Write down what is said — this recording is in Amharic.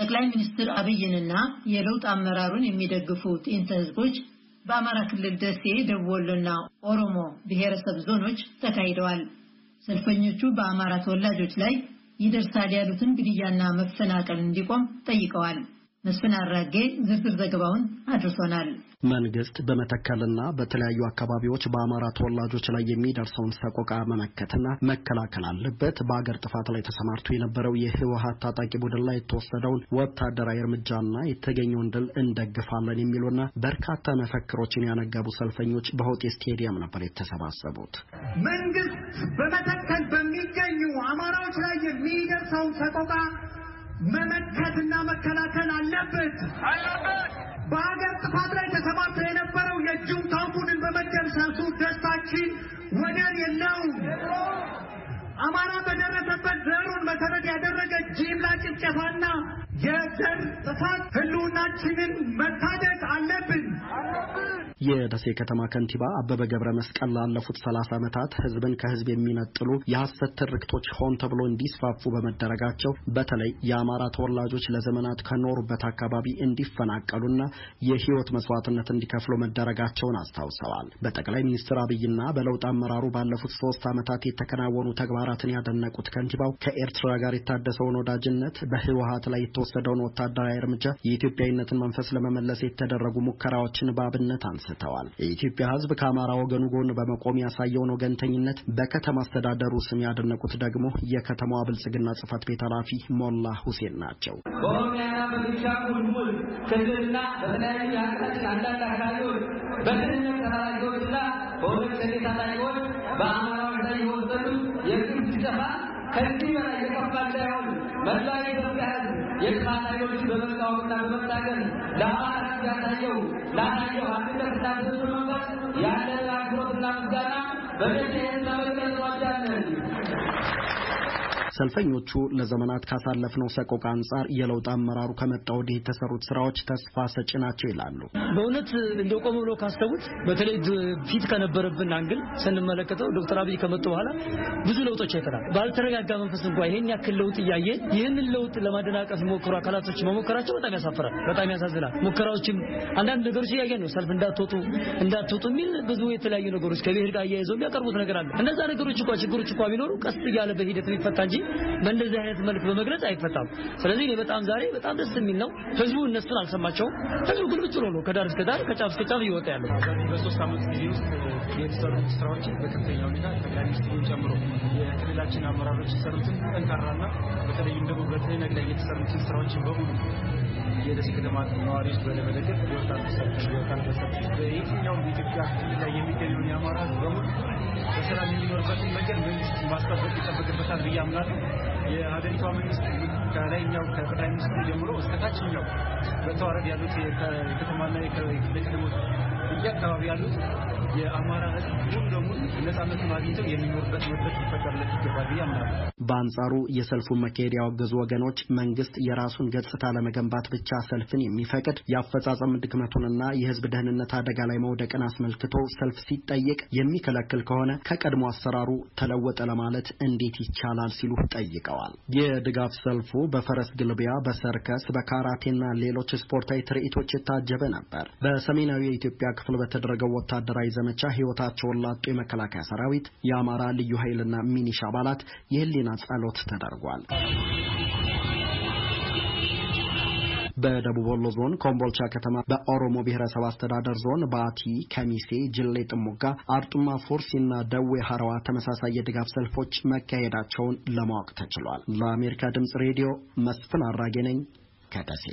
ጠቅላይ ሚኒስትር አብይንና የለውጥ አመራሩን የሚደግፉ ጥንተ ህዝቦች በአማራ ክልል ደሴ፣ ደቡብ ወሎና ኦሮሞ ብሔረሰብ ዞኖች ተካሂደዋል። ሰልፈኞቹ በአማራ ተወላጆች ላይ ይደርሳል ያሉትን ግድያና መፈናቀል እንዲቆም ጠይቀዋል። መስፍን አራጌ ዝርዝር ዘገባውን አድርሶናል። መንግስት በመተከልና በተለያዩ አካባቢዎች በአማራ ተወላጆች ላይ የሚደርሰውን ሰቆቃ መመከትና መከላከል አለበት። በአገር ጥፋት ላይ ተሰማርቶ የነበረው የህወሀት ታጣቂ ቡድን ላይ የተወሰደውን ወታደራዊ እርምጃና የተገኘውን ድል እንደግፋለን የሚሉና በርካታ መፈክሮችን ያነገቡ ሰልፈኞች በሆቴ ስቴዲየም ነበር የተሰባሰቡት። መንግስት በመተከል በሚገኙ አማራዎች ላይ የሚደርሰውን ሰቆቃ መመከትና መከላከል አለበት አለበት በሀገር ጥፋት ላይ ተሰማርቶ የነበረው የጁንታው ቡድን በመደምሰሱ ደስታችን ወደር የለውም። አማራ በደረሰበት ዘሩን መሰረት ያደረገ ጅምላ ጭፍጨፋና ዘር ጥፋት ህልውናችንን መታደስ አለብን። የደሴ ከተማ ከንቲባ አበበ ገብረ መስቀል ላለፉት ሰላሳ ዓመታት ህዝብን ከህዝብ የሚነጥሉ የሐሰት ትርክቶች ሆን ተብሎ እንዲስፋፉ በመደረጋቸው በተለይ የአማራ ተወላጆች ለዘመናት ከኖሩበት አካባቢ እንዲፈናቀሉና የህይወት መስዋዕትነት እንዲከፍሉ መደረጋቸውን አስታውሰዋል። በጠቅላይ ሚኒስትር አብይና በለውጥ አመራሩ ባለፉት ሶስት ዓመታት የተከናወኑ ተግባራትን ያደነቁት ከንቲባው ከኤርትራ ጋር የታደሰውን ወዳጅነት፣ በህወሀት ላይ የተወሰደውን ወታደራዊ እርምጃ የኢትዮጵያዊነትን መንፈስ ለመመለስ የተደረጉ ሙከራዎችን በአብነት አንስተዋል። የኢትዮጵያ ሕዝብ ከአማራ ወገኑ ጎን በመቆም ያሳየውን ወገንተኝነት በከተማ አስተዳደሩ ስም ያደነቁት ደግሞ የከተማዋ ብልጽግና ጽህፈት ቤት ኃላፊ ሞላ ሁሴን ናቸው። በኦሮሚያና ክልልና በተለያዩ የሀገራችን አንዳንድ አካባቢዎች ታጣቂዎች ላይ የወሰዱት ከዚህ በላይ የከፋ እንዳይሆን መላ ኢትዮጵያ ሕዝብ የጥፋት ኃይሎች በመቃወምና በመታገል ለአማራ ያሳየው ላሳየው አንድነትና ትብብር መንፈስ ያለን አክብሮትና ምስጋና በደስታ መግለጽ እንወዳለን። ሰልፈኞቹ ለዘመናት ካሳለፍነው ሰቆቃ አንጻር የለውጥ አመራሩ ከመጣ ወዲህ የተሰሩት ስራዎች ተስፋ ሰጪ ናቸው ይላሉ። በእውነት እንደ ቆመ ብሎ ካስተውት በተለይ ፊት ከነበረብን አንግል ስንመለከተው ዶክተር አብይ ከመጡ በኋላ ብዙ ለውጦች አይተናል። ባልተረጋጋ መንፈስ እንኳ ይህን ያክል ለውጥ እያየን ይህንን ለውጥ ለማደናቀፍ የሞከሩ አካላቶች መሞከራቸው በጣም ያሳፍራል፣ በጣም ያሳዝናል። ሙከራዎችም አንዳንድ ነገሮች እያየን ነው። ሰልፍ እንዳትወጡ እንዳትወጡ የሚል ብዙ የተለያዩ ነገሮች ከብሄር ጋር አያይዘው የሚያቀርቡት ነገር አለ። እነዛ ነገሮች እንኳ ችግሮች እንኳ ቢኖሩ ቀስ እያለ በሂደት የሚፈታ እንጂ በእንደዚህ አይነት መልክ በመግለጽ አይፈታም። ስለዚህ እኔ በጣም ዛሬ በጣም ደስ የሚል ነው። ህዝቡ እነሱን አልሰማቸውም። ህዝቡ ግልብጭ ብሎ ነው ከዳር እስከ ዳር ከጫፍ እስከ ጫፍ እየወጣ ያለው። በሶስት አመት ጊዜ ውስጥ የተሰሩት ስራዎችን በከፍተኛ ሁኔታ ጠቅላይ ሚኒስትሩን ጨምሮ የክልላችን አመራሮች የሰሩትን ጠንካራና በተለይም ደግሞ በትህነግ ላይ የተሰሩትን ስራዎችን በሙሉ የደሴ ከተማ ነዋሪዎች በለመለገብ ወታል ሰዎች ወታል ሰዎች በየትኛውም በኢትዮጵያ ክልል ላይ የሚገኘውን የአማራ ህዝብ በሙሉ ሰላም የሚኖርበትን ነገር መንግስት ማስጠበቅ ይጠበቅበታል ብዬ አምናለሁ። የሀገሪቷ መንግስት ከላይኛው ከጠቅላይ ሚኒስትሩ ጀምሮ እስከታችኛው በተዋረድ ያሉት የከተማና የክልል የከተሞች አካባቢ ያሉት የአማራ ህዝብ ሙሉ ለሙሉ ነጻነቱን አግኝተው የሚኖርበት መድረክ ሊፈጠርለት ይገባል ብዬ አምናለሁ። በአንጻሩ የሰልፉን መካሄድ ያወገዙ ወገኖች መንግስት የራሱን ገጽታ ለመገንባት ብቻ ሰልፍን የሚፈቅድ የአፈጻጸም ድክመቱንና የህዝብ ደህንነት አደጋ ላይ መውደቅን አስመልክቶ ሰልፍ ሲጠየቅ የሚከለክል ከሆነ ከቀድሞ አሰራሩ ተለወጠ ለማለት እንዴት ይቻላል ሲሉ ጠይቀዋል። የድጋፍ ሰልፉ በፈረስ ግልቢያ፣ በሰርከስ፣ በካራቴና ሌሎች ስፖርታዊ ትርኢቶች የታጀበ ነበር። በሰሜናዊ የኢትዮጵያ ክፍል በተደረገው ወታደራዊ ዘመቻ ሕይወታቸውን ላጡ የመከላከያ ሰራዊት፣ የአማራ ልዩ ኃይልና ሚኒሻ አባላት የህሊና ጸሎት ተደርጓል። በደቡብ ወሎ ዞን ኮምቦልቻ ከተማ በኦሮሞ ብሔረሰብ አስተዳደር ዞን ባቲ፣ ከሚሴ፣ ጅሌ ጥሙጋ፣ አርጡማ እና ደዌ ሀረዋ ተመሳሳይ የድጋፍ ሰልፎች መካሄዳቸውን ለማወቅ ተችሏል። ለአሜሪካ ድምጽ ሬዲዮ መስፍን አራጌ ነኝ ከደሴ